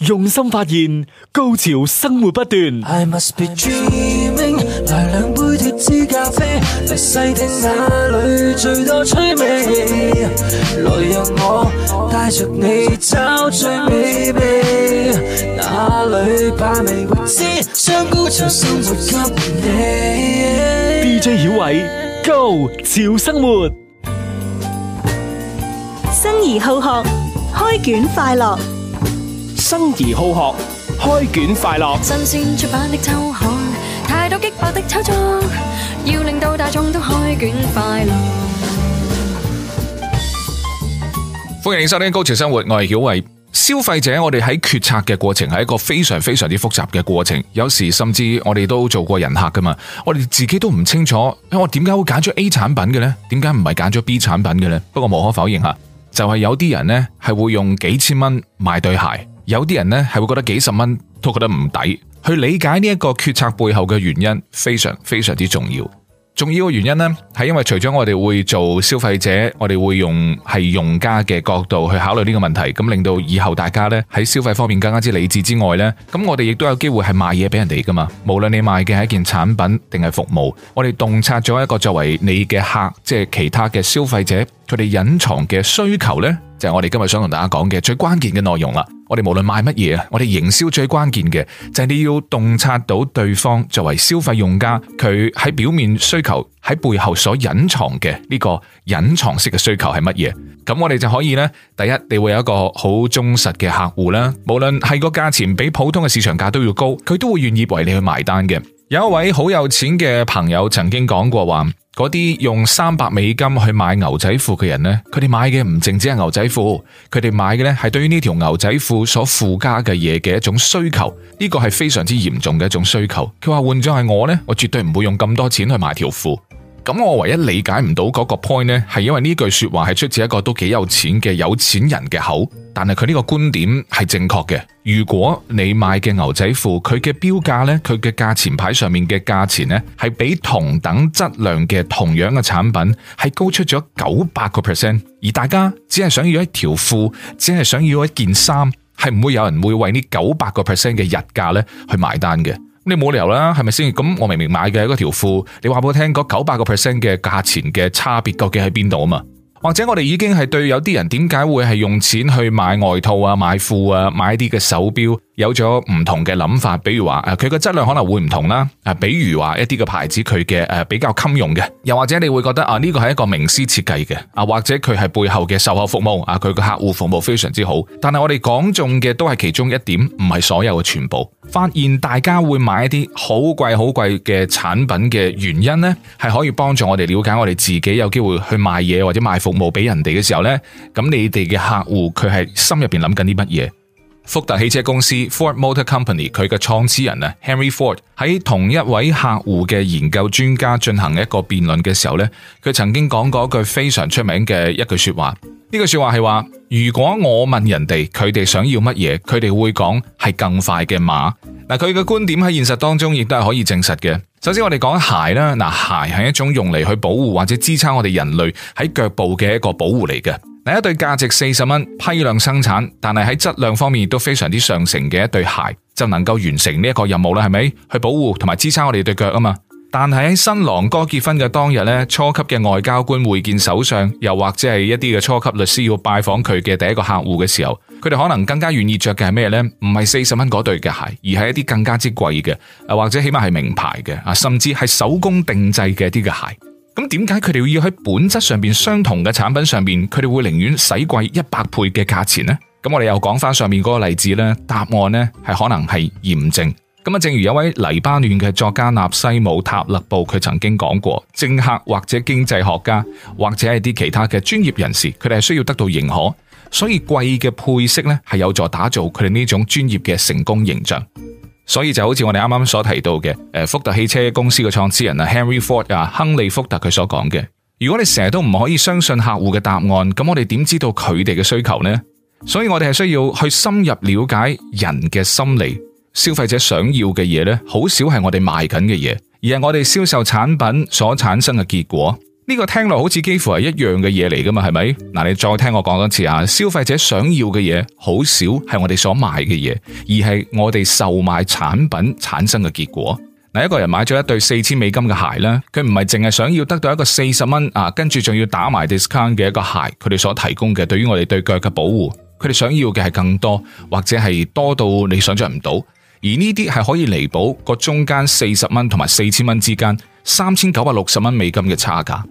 用心發現，高潮生活不斷。I must be dreaming，來兩杯脫脂咖啡，嚟細聽那裏最多趣味。來讓我帶着你找最美味，哪裏把味未知，雙高潮生活給你。DJ 小偉，Go 潮生活，生而好學，開卷快樂。生而好學，開卷快樂。新鮮出版的秋刊，太多激烈的炒作，要令到大眾都開卷快樂。歡迎收聽《高潮生活》，我曉，我係曉慧。消費者，我哋喺決策嘅過程係一個非常非常之複雜嘅過程。有時甚至我哋都做過人客噶嘛，我哋自己都唔清楚，我點解會揀咗 A 產品嘅呢？點解唔係揀咗 B 產品嘅呢？不過無可否認啊，就係、是、有啲人呢係會用幾千蚊買對鞋。有啲人呢係會覺得幾十蚊都覺得唔抵。去理解呢一個決策背後嘅原因非常非常之重要。重要嘅原因呢，係因為除咗我哋會做消費者，我哋會用係用家嘅角度去考慮呢個問題，咁令到以後大家呢喺消費方面更加之理智之外呢，咁我哋亦都有機會係賣嘢俾人哋㗎嘛。無論你賣嘅係一件產品定係服務，我哋洞察咗一個作為你嘅客，即係其他嘅消費者佢哋隱藏嘅需求呢，就係我哋今日想同大家講嘅最關鍵嘅內容啦。我哋無論賣乜嘢，我哋營銷最關鍵嘅就係你要洞察到對方作為消費用家，佢喺表面需求喺背後所隱藏嘅呢個隱藏式嘅需求係乜嘢。咁我哋就可以呢，第一，你會有一個好忠實嘅客戶啦。無論係個價錢比普通嘅市場價都要高，佢都會願意為你去埋單嘅。有一位好有錢嘅朋友曾經講過話。嗰啲用三百美金去買牛仔褲嘅人呢，佢哋買嘅唔淨止係牛仔褲，佢哋買嘅呢係對於呢條牛仔褲所附加嘅嘢嘅一種需求，呢個係非常之嚴重嘅一種需求。佢話換轉係我呢，我絕對唔會用咁多錢去買條褲。咁我唯一理解唔到嗰個 point 呢，係因為呢句說話係出自一個都幾有錢嘅有錢人嘅口，但係佢呢個觀點係正確嘅。如果你買嘅牛仔褲，佢嘅標價呢，佢嘅價錢牌上面嘅價錢呢，係比同等質量嘅同樣嘅產品係高出咗九百個 percent，而大家只係想要一條褲，只係想要一件衫，係唔會有人會為呢九百個 percent 嘅日價呢去埋單嘅。你冇理由啦，係咪先？咁我明明買嘅嗰條褲，你話俾我聽嗰九百個 percent 嘅價錢嘅差別究竟喺邊度啊？或者我哋已經係對有啲人點解會係用錢去買外套啊、買褲啊、買啲嘅手錶？有咗唔同嘅諗法，比如話誒，佢嘅質量可能會唔同啦，啊，比如話一啲嘅牌子佢嘅誒比較襟用嘅，又或者你會覺得啊呢個係一個名師設計嘅，啊或者佢係背後嘅售後服務，啊佢個客戶服務非常之好。但係我哋講中嘅都係其中一點，唔係所有嘅全部。發現大家會買一啲好貴好貴嘅產品嘅原因呢，係可以幫助我哋了解我哋自己有機會去賣嘢或者賣服務俾人哋嘅時候呢。咁你哋嘅客戶佢係心入邊諗緊啲乜嘢？福特汽車公司 Ford Motor Company 佢嘅創始人啊 Henry Ford 喺同一位客戶嘅研究專家進行一個辯論嘅時候呢，佢曾經講過一句非常出名嘅一句説話。呢句説話係話：如果我問人哋佢哋想要乜嘢，佢哋會講係更快嘅馬。嗱，佢嘅觀點喺現實當中亦都係可以證實嘅。首先我哋講鞋啦，嗱，鞋係一種用嚟去保護或者支撐我哋人類喺腳部嘅一個保護嚟嘅。嗱，一對價值四十蚊，批量生產，但係喺質量方面都非常之上乘嘅一對鞋，就能夠完成呢一個任務啦，係咪？去保護同埋支撐我哋對腳啊嘛。但喺新郎哥結婚嘅當日咧，初級嘅外交官會見首相，又或者係一啲嘅初級律師要拜訪佢嘅第一個客戶嘅時候，佢哋可能更加願意着嘅係咩咧？唔係四十蚊嗰對嘅鞋，而係一啲更加之貴嘅，啊或者起碼係名牌嘅啊，甚至係手工定制嘅一啲嘅鞋。咁點解佢哋要喺本質上邊相同嘅產品上邊，佢哋會寧願使貴一百倍嘅價錢咧？咁我哋又講翻上面嗰個例子咧，答案咧係可能係驗證。咁啊，正如有位黎巴嫩嘅作家納西姆塔勒布佢曾經講過，政客或者經濟學家或者係啲其他嘅專業人士，佢哋係需要得到認可，所以貴嘅配色呢，係有助打造佢哋呢種專業嘅成功形象。所以就好似我哋啱啱所提到嘅，誒福特汽車公司嘅創始人啊 Henry Ford 啊亨利福特佢所講嘅，如果你成日都唔可以相信客戶嘅答案，咁我哋點知道佢哋嘅需求呢？所以我哋係需要去深入了解人嘅心理。消費者想要嘅嘢呢，好少係我哋賣緊嘅嘢，而係我哋銷售產品所產生嘅結果。呢個聽落好似幾乎係一樣嘅嘢嚟噶嘛，係咪？嗱，你再聽我講多次啊！消費者想要嘅嘢，好少係我哋所賣嘅嘢，而係我哋售賣產品產生嘅結果。嗱，一個人買咗一對四千美金嘅鞋呢，佢唔係淨係想要得到一個四十蚊啊，跟住仲要打埋 discount 嘅一個鞋，佢哋所提供嘅對於我哋對腳嘅保護，佢哋想要嘅係更多，或者係多到你想象唔到。而呢啲係可以彌補個中間四十蚊同埋四千蚊之間三千九百六十蚊美金嘅差價。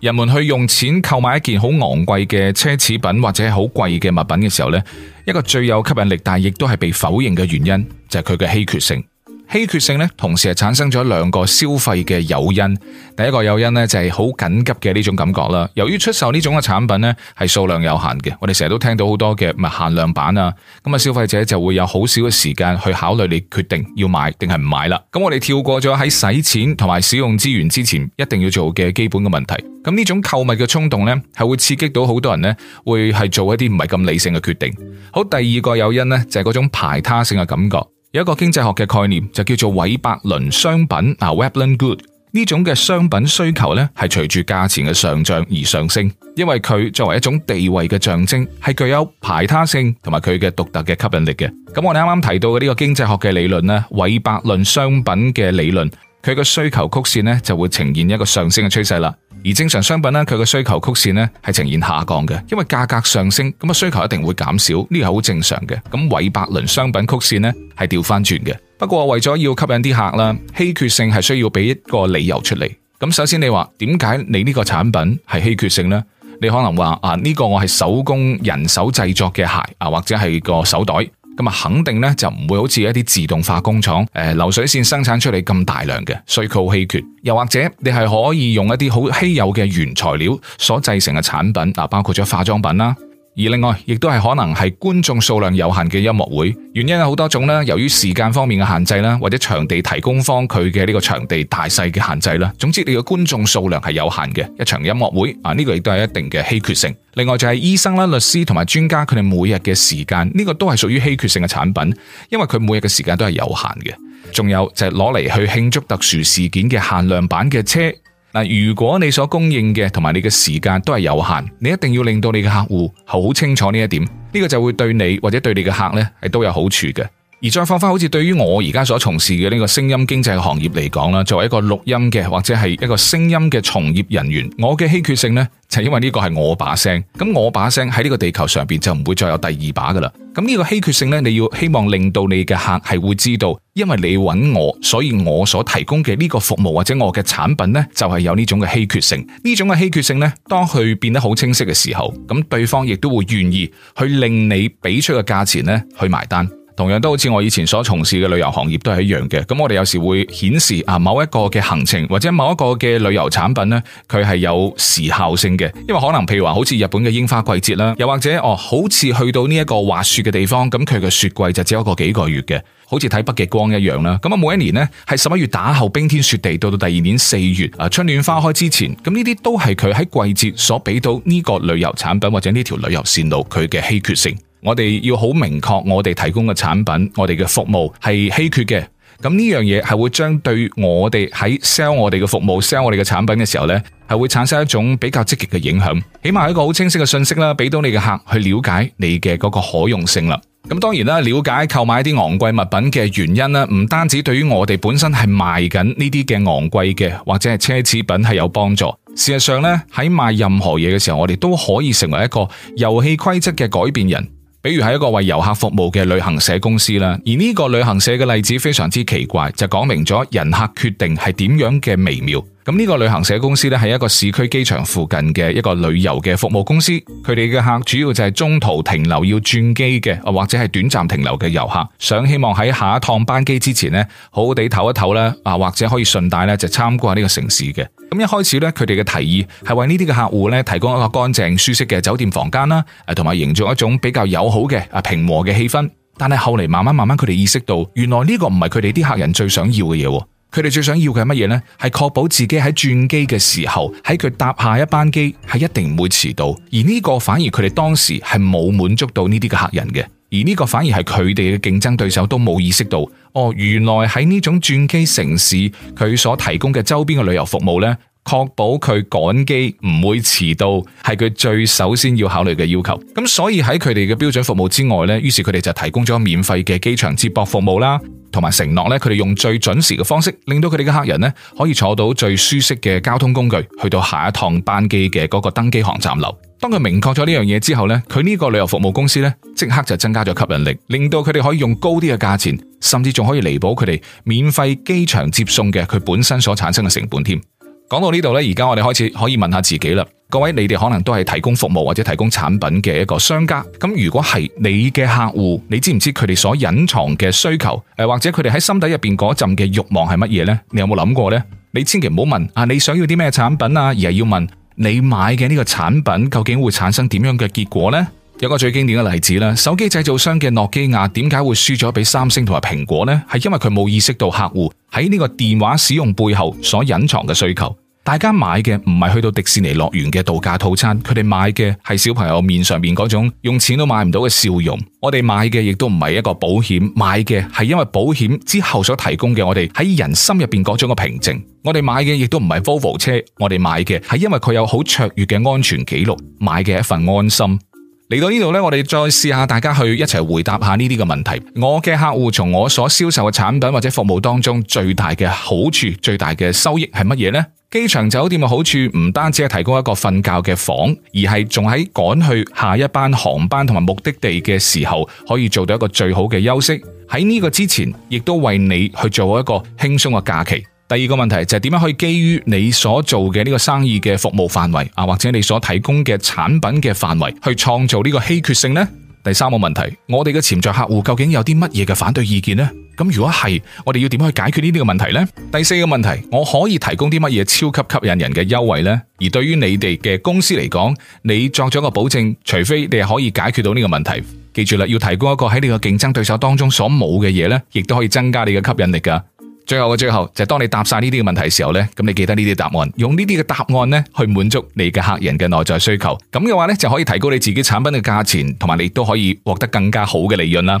人們去用錢購買一件好昂貴嘅奢侈品，或者好貴嘅物品嘅時候，呢一個最有吸引力但亦都係被否認嘅原因，就係佢嘅稀缺性。稀缺性咧，同時係產生咗兩個消費嘅誘因。第一個誘因呢，就係好緊急嘅呢種感覺啦。由於出售呢種嘅產品呢，係數量有限嘅，我哋成日都聽到好多嘅唔係限量版啊。咁啊，消費者就會有好少嘅時間去考慮你決定要買定係唔買啦。咁我哋跳過咗喺使錢同埋使用資源之前一定要做嘅基本嘅問題。咁呢種購物嘅衝動呢，係會刺激到好多人呢，會係做一啲唔係咁理性嘅決定。好，第二個誘因呢，就係嗰種排他性嘅感覺。有一個經濟學嘅概念就叫做韋伯倫商品，啊 Veblen good 呢種嘅商品需求咧係隨住價錢嘅上漲而上升，因為佢作為一種地位嘅象徵，係具有排他性同埋佢嘅獨特嘅吸引力嘅。咁我哋啱啱提到嘅呢個經濟學嘅理論咧，韋伯倫商品嘅理論，佢個需求曲線咧就會呈現一個上升嘅趨勢啦。而正常商品咧，佢嘅需求曲線咧係呈現下降嘅，因為價格上升，咁啊需求一定會減少，呢個係好正常嘅。咁韋伯倫商品曲線咧係調翻轉嘅，不過為咗要吸引啲客啦，稀缺性係需要俾一個理由出嚟。咁首先你話點解你呢個產品係稀缺性呢？你可能話啊呢，這個我係手工人手製作嘅鞋，啊，或者係個手袋。咁啊，肯定呢，就唔會好似一啲自動化工廠，流水線生產出嚟咁大量嘅，所以佢好稀缺。又或者你係可以用一啲好稀有嘅原材料所製成嘅產品，啊，包括咗化妝品啦。而另外，亦都係可能係觀眾數量有限嘅音樂會，原因有好多種啦。由於時間方面嘅限制啦，或者場地提供方佢嘅呢個場地大細嘅限制啦。總之，你嘅觀眾數量係有限嘅一場音樂會啊，呢個亦都係一定嘅稀缺性。另外就係醫生啦、律師同埋專家，佢哋每日嘅時間呢個都係屬於稀缺性嘅產品，因為佢每日嘅時間都係有限嘅。仲有就係攞嚟去慶祝特殊事件嘅限量版嘅車。嗱，如果你所供應嘅同埋你嘅時間都係有限，你一定要令到你嘅客戶好清楚呢一點，呢、這個就會對你或者對你嘅客咧係都有好處嘅。而再放翻好似對於我而家所從事嘅呢個聲音經濟行業嚟講啦，作為一個錄音嘅或者係一個聲音嘅從業人員，我嘅稀缺性呢，就是、因為呢個係我，我把聲，咁我把聲喺呢個地球上邊就唔會再有第二把噶啦。咁呢個稀缺性呢，你要希望令到你嘅客係會知道，因為你揾我，所以我所提供嘅呢個服務或者我嘅產品呢，就係、是、有呢種嘅稀缺性。呢種嘅稀缺性呢，當佢變得好清晰嘅時候，咁對方亦都會願意去令你俾出嘅價錢呢，去埋單。同樣都好似我以前所從事嘅旅遊行業都係一樣嘅，咁我哋有時會顯示啊，某一個嘅行程或者某一個嘅旅遊產品呢，佢係有時效性嘅，因為可能譬如話好似日本嘅櫻花季節啦，又或者哦，好似去到呢一個滑雪嘅地方，咁佢嘅雪季就只有一個幾個月嘅，好似睇北極光一樣啦。咁啊，每一年呢係十一月打後冰天雪地，到到第二年四月啊，春暖花開之前，咁呢啲都係佢喺季節所俾到呢個旅遊產品或者呢條旅遊線路佢嘅稀缺性。我哋要好明確，我哋提供嘅產品、我哋嘅服務係稀缺嘅。咁呢樣嘢係會將對我哋喺 sell 我哋嘅服務、sell 我哋嘅產品嘅時候咧，係會產生一種比較積極嘅影響。起碼係一個好清晰嘅信息啦，俾到你嘅客去了解你嘅嗰個可用性啦。咁當然啦，了解購買一啲昂貴物品嘅原因啦，唔單止對於我哋本身係賣緊呢啲嘅昂貴嘅或者係奢侈品係有幫助。事實上咧，喺賣任何嘢嘅時候，我哋都可以成為一個遊戲規則嘅改變人。比如係一個為遊客服務嘅旅行社公司啦，而呢個旅行社嘅例子非常之奇怪，就講明咗人客決定係點樣嘅微妙。咁呢個旅行社公司呢，係一個市區機場附近嘅一個旅遊嘅服務公司。佢哋嘅客主要就係中途停留要轉機嘅，或者係短暫停留嘅遊客，想希望喺下一趟班機之前呢，好好地唞一唞啦，啊或者可以順帶呢就參觀下呢個城市嘅。咁一開始呢，佢哋嘅提議係為呢啲嘅客戶呢提供一個乾淨舒適嘅酒店房間啦，同埋營造一種比較友好嘅啊平和嘅氣氛。但係後嚟慢慢慢慢，佢哋意識到，原來呢個唔係佢哋啲客人最想要嘅嘢。佢哋最想要嘅係乜嘢呢？係確保自己喺轉機嘅時候，喺佢搭下一班機係一定唔會遲到。而呢個反而佢哋當時係冇滿足到呢啲嘅客人嘅。而呢個反而係佢哋嘅競爭對手都冇意識到哦。原來喺呢種轉機城市，佢所提供嘅周邊嘅旅遊服務呢，確保佢趕機唔會遲到，係佢最首先要考慮嘅要求。咁所以喺佢哋嘅標準服務之外呢，於是佢哋就提供咗免費嘅機場接駁服務啦。同埋承諾咧，佢哋用最準時嘅方式，令到佢哋嘅客人咧可以坐到最舒適嘅交通工具，去到下一趟班機嘅嗰個登機航站樓。當佢明確咗呢樣嘢之後咧，佢呢個旅遊服務公司咧即刻就增加咗吸引力，令到佢哋可以用高啲嘅價錢，甚至仲可以彌補佢哋免費機場接送嘅佢本身所產生嘅成本添。講到呢度呢，而家我哋開始可以問下自己啦。各位，你哋可能都係提供服務或者提供產品嘅一個商家。咁如果係你嘅客戶，你知唔知佢哋所隱藏嘅需求？誒，或者佢哋喺心底入邊嗰陣嘅欲望係乜嘢呢？你有冇諗過呢？你千祈唔好問啊！你想要啲咩產品啊？而係要問你買嘅呢個產品究竟會產生點樣嘅結果呢？有個最經典嘅例子啦，手機製造商嘅諾基亞點解會輸咗俾三星同埋蘋果呢？係因為佢冇意識到客戶喺呢個電話使用背後所隱藏嘅需求。大家買嘅唔係去到迪士尼樂園嘅度假套餐，佢哋買嘅係小朋友面上面嗰種用錢都買唔到嘅笑容。我哋買嘅亦都唔係一個保險，買嘅係因為保險之後所提供嘅我哋喺人心入面嗰種個平靜。我哋買嘅亦都唔係 Volvo 車，我哋買嘅係因為佢有好卓越嘅安全記錄，買嘅係一份安心。嚟到呢度咧，我哋再試下大家去一齊回答下呢啲嘅問題。我嘅客戶從我所銷售嘅產品或者服務當中最大嘅好處、最大嘅收益係乜嘢呢？機場酒店嘅好處唔單止係提供一個瞓覺嘅房，而係仲喺趕去下一班航班同埋目的地嘅時候，可以做到一個最好嘅休息。喺呢個之前，亦都為你去做一個輕鬆嘅假期。第二個問題就係點樣可以基於你所做嘅呢個生意嘅服務範圍啊，或者你所提供嘅產品嘅範圍，去創造呢個稀缺性呢？第三個問題，我哋嘅潛在客戶究竟有啲乜嘢嘅反對意見呢？咁如果係，我哋要點樣去解決呢啲個問題呢？第四個問題，我可以提供啲乜嘢超級吸引人嘅優惠呢？而對於你哋嘅公司嚟講，你作咗個保證，除非你係可以解決到呢個問題，記住啦，要提供一個喺你個競爭對手當中所冇嘅嘢呢，亦都可以增加你嘅吸引力噶。最後嘅最後，就係當你答晒呢啲嘅問題嘅時候呢，咁你記得呢啲答案，用呢啲嘅答案呢，去滿足你嘅客人嘅內在需求，咁嘅話呢，就可以提高你自己產品嘅價錢，同埋你都可以獲得更加好嘅利潤啦。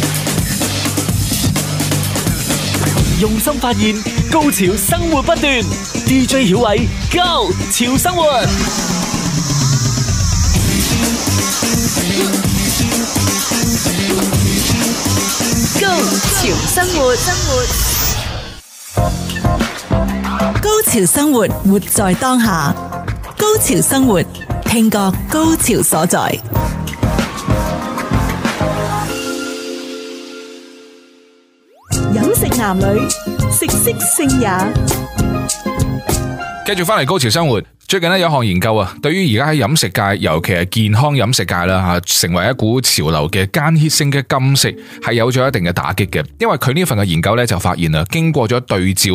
用心發現高潮生活不斷 DJ 曉偉 Go 潮生活，Go 潮生活生活，高潮生活活在當下，高潮生活聽覺高潮所在。男女食色性也。繼續翻嚟高潮生活，最近咧，有一項研究啊，對於而家喺飲食界，尤其係健康飲食界啦吓，成為一股潮流嘅間歇性嘅禁食，係有咗一定嘅打擊嘅。因為佢呢份嘅研究呢就發現啦，經過咗對照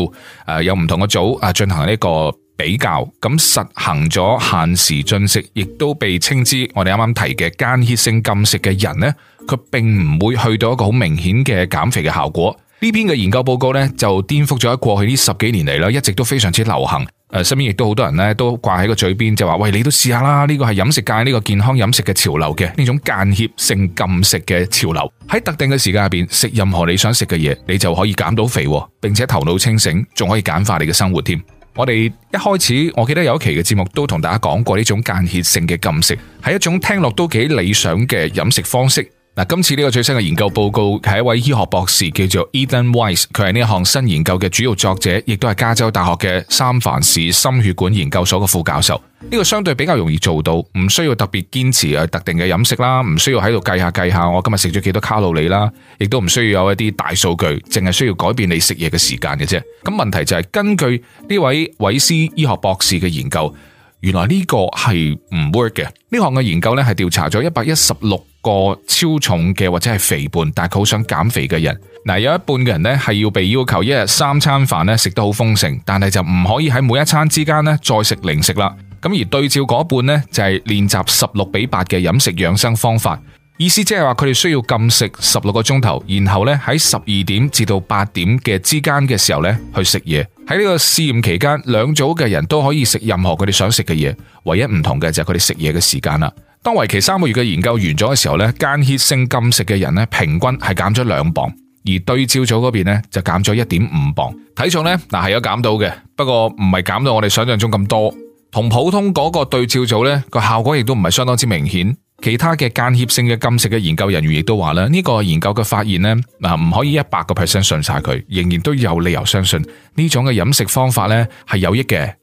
誒，有唔同嘅組啊，進行呢個比較，咁實行咗限時進食，亦都被稱之我哋啱啱提嘅間歇性禁食嘅人呢，佢並唔會去到一個好明顯嘅減肥嘅效果。呢邊嘅研究報告呢，就顛覆咗過去呢十幾年嚟啦，一直都非常之流行。誒,身邊亦都好多人呢，都掛喺個嘴邊，就話：喂，你都試下啦！呢個係飲食界呢個健康飲食嘅潮流嘅呢種間歇性禁食嘅潮流。喺特定嘅時間入邊食任何你想食嘅嘢，你就可以減到肥，並且頭腦清醒，仲可以簡化你嘅生活添。我哋一開始我記得有一期嘅節目都同大家講過呢種間歇性嘅禁食，係一種聽落都幾理想嘅飲食方式。嗱，今次呢個最新嘅研究報告係一位醫學博士叫做 Ethan Weiss，佢係呢一項新研究嘅主要作者，亦都係加州大學嘅三藩市心血管研究所嘅副教授。呢、這個相對比較容易做到，唔需要特別堅持誒特定嘅飲食啦，唔需要喺度計下計下我今日食咗幾多卡路里啦，亦都唔需要有一啲大數據，淨係需要改變你食嘢嘅時間嘅啫。咁問題就係根據呢位韋斯醫學博士嘅研究。原來呢個係唔 work 嘅，呢項嘅研究呢係調查咗一百一十六個超重嘅或者係肥胖，但係佢好想減肥嘅人。嗱，有一半嘅人呢係要被要求一日三餐飯呢食得好豐盛，但係就唔可以喺每一餐之間呢再食零食啦。咁而對照嗰一半呢，就係練習十六比八嘅飲食養生方法，意思即係話佢哋需要禁食十六個鐘頭，然後呢喺十二點至到八點嘅之間嘅時候呢去食嘢。喺呢個試驗期間，兩組嘅人都可以食任何佢哋想食嘅嘢，唯一唔同嘅就係佢哋食嘢嘅時間啦。當為期三個月嘅研究完咗嘅時候咧，間歇性禁食嘅人咧，平均係減咗兩磅，而對照組嗰邊咧就減咗一點五磅。體重咧嗱，係有減到嘅，不過唔係減到我哋想象中咁多，同普通嗰個對照組咧，個效果亦都唔係相當之明顯。其他嘅間歇性嘅禁食嘅研究人員亦都話啦，呢個研究嘅發現咧，嗱唔可以一百個 percent 信晒佢，仍然都有理由相信呢種嘅飲食方法咧係有益嘅。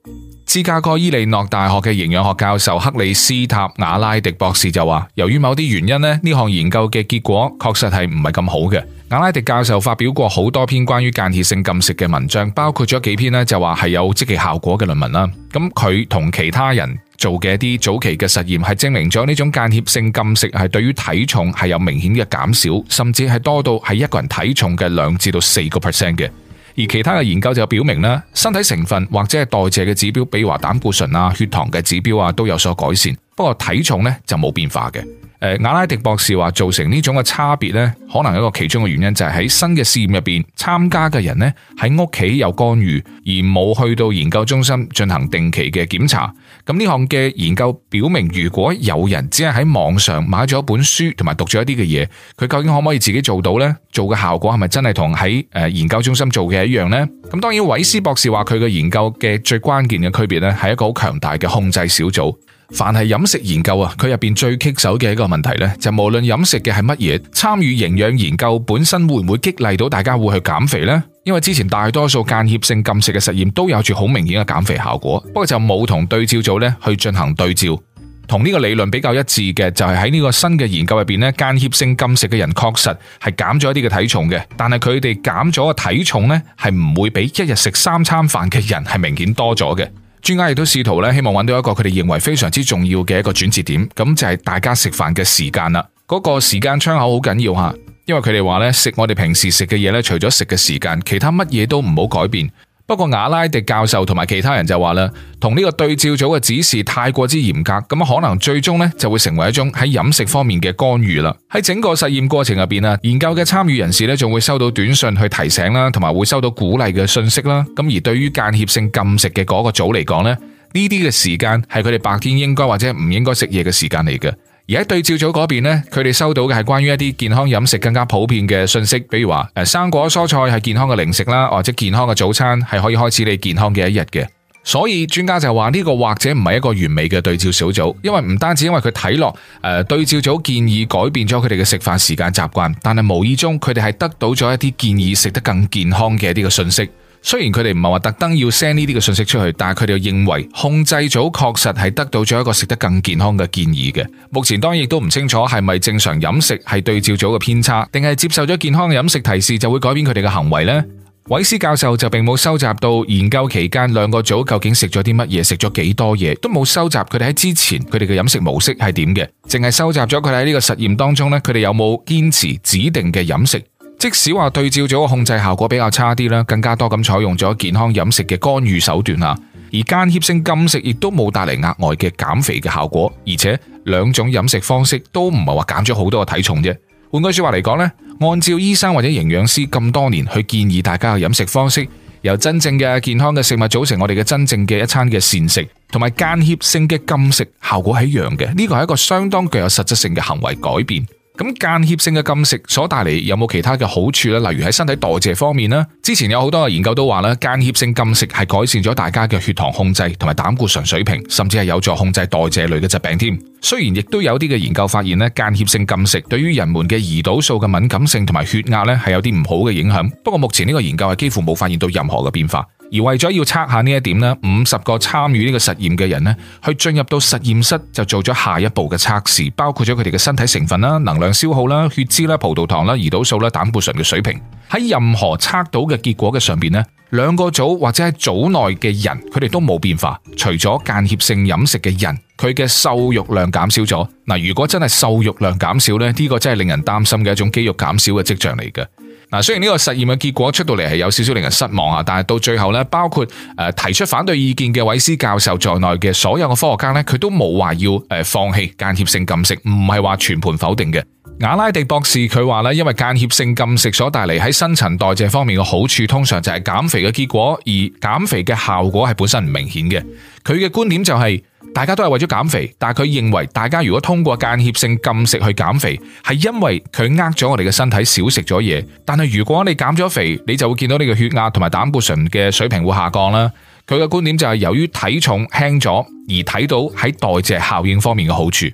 芝加哥伊利諾大學嘅營養學教授克里斯塔瓦拉迪博士就話，由於某啲原因呢，呢項研究嘅結果確實係唔係咁好嘅。瓦拉迪教授發表過好多篇關於間歇性禁食嘅文章，包括咗幾篇呢就話係有積極效果嘅論文啦。咁佢同其他人做嘅一啲早期嘅實驗，係證明咗呢種間歇性禁食係對於體重係有明顯嘅減少，甚至係多到係一個人體重嘅兩至到四個 percent 嘅。而其他嘅研究就表明呢，身體成分或者係代謝嘅指標，比如話膽固醇啊、血糖嘅指標啊，都有所改善。不過體重呢，就冇變化嘅。誒，阿拉迪博士話造成呢種嘅差別呢，可能一個其中嘅原因就係喺新嘅試驗入邊參加嘅人呢，喺屋企有干預而冇去到研究中心進行定期嘅檢查。咁呢項嘅研究表明，如果有人只係喺網上買咗一本書同埋讀咗一啲嘅嘢，佢究竟可唔可以自己做到呢？做嘅效果係咪真係同喺誒研究中心做嘅一樣呢？咁當然，韋斯博士話佢嘅研究嘅最關鍵嘅區別呢，係一個好強大嘅控制小組。凡係飲食研究啊，佢入邊最棘手嘅一個問題呢，就無論飲食嘅係乜嘢，參與營養研究本身會唔會激勵到大家會去減肥呢？因為之前大多數間歇性禁食嘅實驗都有住好明顯嘅減肥效果，不過就冇同對照組呢去進行對照。同呢個理論比較一致嘅就係喺呢個新嘅研究入邊咧，間歇性禁食嘅人確實係減咗一啲嘅體重嘅，但係佢哋減咗嘅體重呢，係唔會比一日食三餐飯嘅人係明顯多咗嘅。專家亦都試圖咧，希望揾到一個佢哋認為非常之重要嘅一個轉折點，咁就係大家食飯嘅時間啦。嗰個時間窗口好緊要吓，因為佢哋話咧，食我哋平時食嘅嘢咧，除咗食嘅時間，其他乜嘢都唔好改變。不過亞拉迪教授同埋其他人就話啦，同呢個對照組嘅指示太過之嚴格，咁可能最終呢就會成為一種喺飲食方面嘅干預啦。喺整個實驗過程入邊啊，研究嘅參與人士呢仲會收到短信去提醒啦，同埋會收到鼓勵嘅信息啦。咁而對於間歇性禁食嘅嗰個組嚟講呢，呢啲嘅時間係佢哋白天應該或者唔應該食嘢嘅時間嚟嘅。而喺對照組嗰邊呢，佢哋收到嘅係關於一啲健康飲食更加普遍嘅信息，比如話誒生果蔬菜係健康嘅零食啦，或者健康嘅早餐係可以開始你健康嘅一日嘅。所以專家就話呢個或者唔係一個完美嘅對照小組，因為唔單止因為佢睇落，誒對照組建議改變咗佢哋嘅食飯時間習慣，但係無意中佢哋係得到咗一啲建議食得更健康嘅呢個信息。雖然佢哋唔係話特登要 send 呢啲個信息出去，但佢哋認為控制組確實係得到咗一個食得更健康嘅建議嘅。目前當然亦都唔清楚係咪正常飲食係對照組嘅偏差，定係接受咗健康飲食提示就會改變佢哋嘅行為呢？韋斯教授就並冇收集到研究期間兩個組究竟食咗啲乜嘢，食咗幾多嘢，都冇收集佢哋喺之前佢哋嘅飲食模式係點嘅，淨係收集咗佢哋喺呢個實驗當中呢，佢哋有冇堅持指定嘅飲食。即使話對照組嘅控制效果比較差啲啦，更加多咁採用咗健康飲食嘅干預手段啊，而間歇性禁食亦都冇帶嚟額外嘅減肥嘅效果，而且兩種飲食方式都唔係話減咗好多嘅體重啫。換句說話嚟講呢，按照醫生或者營養師咁多年去建議大家嘅飲食方式，由真正嘅健康嘅食物組成我哋嘅真正嘅一餐嘅膳食，同埋間歇性嘅禁食效果係一樣嘅，呢個係一個相當具有實質性嘅行為改變。咁間歇性嘅禁食所帶嚟有冇其他嘅好處呢？例如喺身體代謝方面呢，之前有好多嘅研究都話呢間歇性禁食係改善咗大家嘅血糖控制同埋膽固醇水平，甚至係有助控制代謝類嘅疾病添。雖然亦都有啲嘅研究發現呢間歇性禁食對於人們嘅胰島素嘅敏感性同埋血壓呢係有啲唔好嘅影響。不過目前呢個研究係幾乎冇發現到任何嘅變化。而為咗要測下呢一點咧，五十個參與呢個實驗嘅人咧，去進入到實驗室就做咗下一步嘅測試，包括咗佢哋嘅身體成分啦、能量消耗啦、血脂啦、葡萄糖啦、胰島素啦、膽固醇嘅水平。喺任何測到嘅結果嘅上邊咧，兩個組或者喺組內嘅人，佢哋都冇變化，除咗間歇性飲食嘅人，佢嘅瘦肉量減少咗。嗱，如果真係瘦肉量減少呢，呢、呢個真係令人擔心嘅一種肌肉減少嘅跡象嚟嘅。嗱，雖然呢個實驗嘅結果出到嚟係有少少令人失望，但係到最後咧，包括提出反對意見嘅韋斯教授在內嘅所有嘅科學家咧，佢都冇話要放棄間歇性禁食，唔係話全盤否定嘅。阿拉迪博士佢話咧，因為間歇性禁食所帶嚟喺新陳代謝方面嘅好處，通常就係減肥嘅結果，而減肥嘅效果係本身唔明顯嘅。佢嘅觀點就係、是、大家都係為咗減肥，但係佢認為大家如果通過間歇性禁食去減肥，係因為佢呃咗我哋嘅身體少食咗嘢。但係如果你減咗肥，你就會見到你嘅血壓同埋膽固醇嘅水平會下降啦。佢嘅觀點就係、是、由於體重輕咗而睇到喺代謝效應方面嘅好處。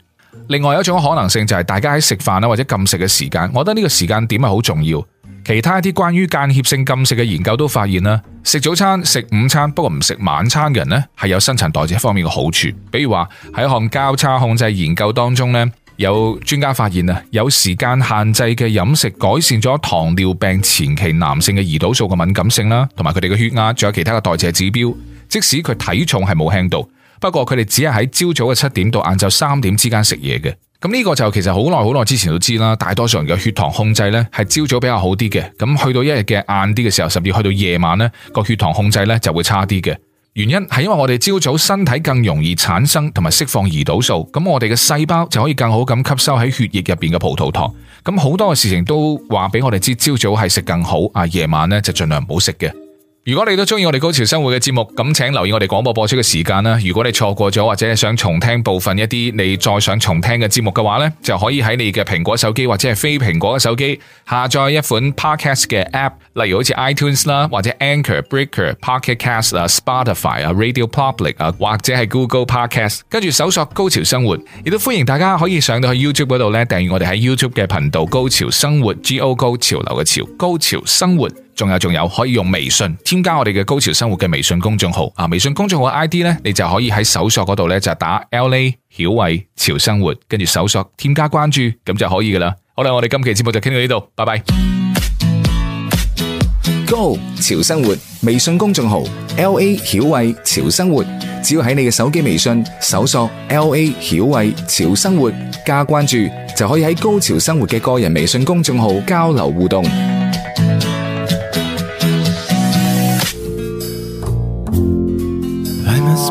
另外有一種可能性就係大家喺食飯啦或者禁食嘅時間，我覺得呢個時間點係好重要。其他一啲關於間歇性禁食嘅研究都發現啦，食早餐、食午餐不過唔食晚餐嘅人呢，係有新陳代謝方面嘅好處。比如話喺一項交叉控制研究當中呢，有專家發現啊，有時間限制嘅飲食改善咗糖尿病前期男性嘅胰島素嘅敏感性啦，同埋佢哋嘅血壓，仲有其他嘅代謝指標，即使佢體重係冇輕度。不過佢哋只係喺朝早嘅七點到晏晝三點之間食嘢嘅，咁呢個就其實好耐好耐之前都知啦。大多數人嘅血糖控制呢係朝早比較好啲嘅，咁去到一日嘅晏啲嘅時候，甚至去到夜晚呢，個血糖控制呢就會差啲嘅。原因係因為我哋朝早身體更容易產生同埋釋放胰島素，咁我哋嘅細胞就可以更好咁吸收喺血液入邊嘅葡萄糖。咁好多嘅事情都話俾我哋知，朝早係食更好，啊夜晚呢就盡量唔好食嘅。如果你都中意我哋高潮生活嘅節目，咁請留意我哋廣播播出嘅時間啦。如果你錯過咗，或者係想重聽部分一啲你再想重聽嘅節目嘅話呢，就可以喺你嘅蘋果手機或者係非蘋果嘅手機下載一款 Podcast 嘅 App，例如好似 iTunes 啦，或者 Anchor Breaker、Pocket Cast 啊、Spotify 啊、Radio Public 啊，或者係 Google Podcast，跟住搜索「高潮生活」，亦都歡迎大家可以上到去 YouTube 度呢，訂閱我哋喺 YouTube 嘅頻道高潮生活 G O 高潮流嘅潮高潮生活。仲有仲有，可以用微信添加我哋嘅高潮生活嘅微信公眾號啊！微信公眾號 ID 咧，你就可以喺搜索嗰度咧就打 LA 曉慧潮生活，跟住搜索添加關注，咁就可以噶啦。好啦，我哋今期節目就傾到呢度，拜拜。Go！潮生活微信公眾號 LA 曉慧潮生活，只要喺你嘅手機微信搜索 LA 曉慧潮生活加關注，就可以喺高潮生活嘅個人微信公眾號交流互動。